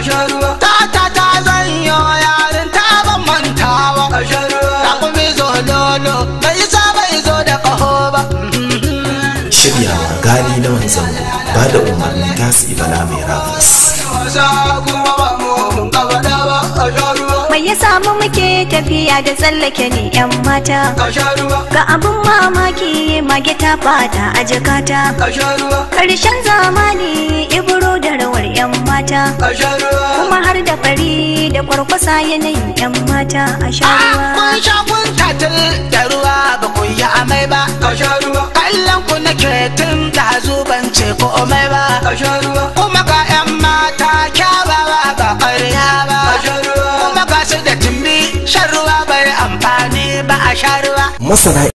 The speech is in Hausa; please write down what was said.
asharuwa ta zanyo yarin mantawa bai sa bai zo da kaho ba shiryawa gani na manzan ba da umarni ta su ibala mai rafis mai ya samu muke tafiya da tsallake ne yan mata ga abin mamaki mage ta fata a jakata karshen zamani ibro da rawar yan mata da kwarkwasa yanayin yan mata a sha ruwa. Kun ah, sha kun tatil da ruwa ba ku yi amai ba. Ka sha ruwa. Kallon ku na ketin da zubance ce ko mai ba. Ka sha ruwa. Kuma ga yan mata kyawawa ba ƙarya ba. Ka sha ruwa. Kuma ga su da timbi shan ruwa bai amfani ba a sha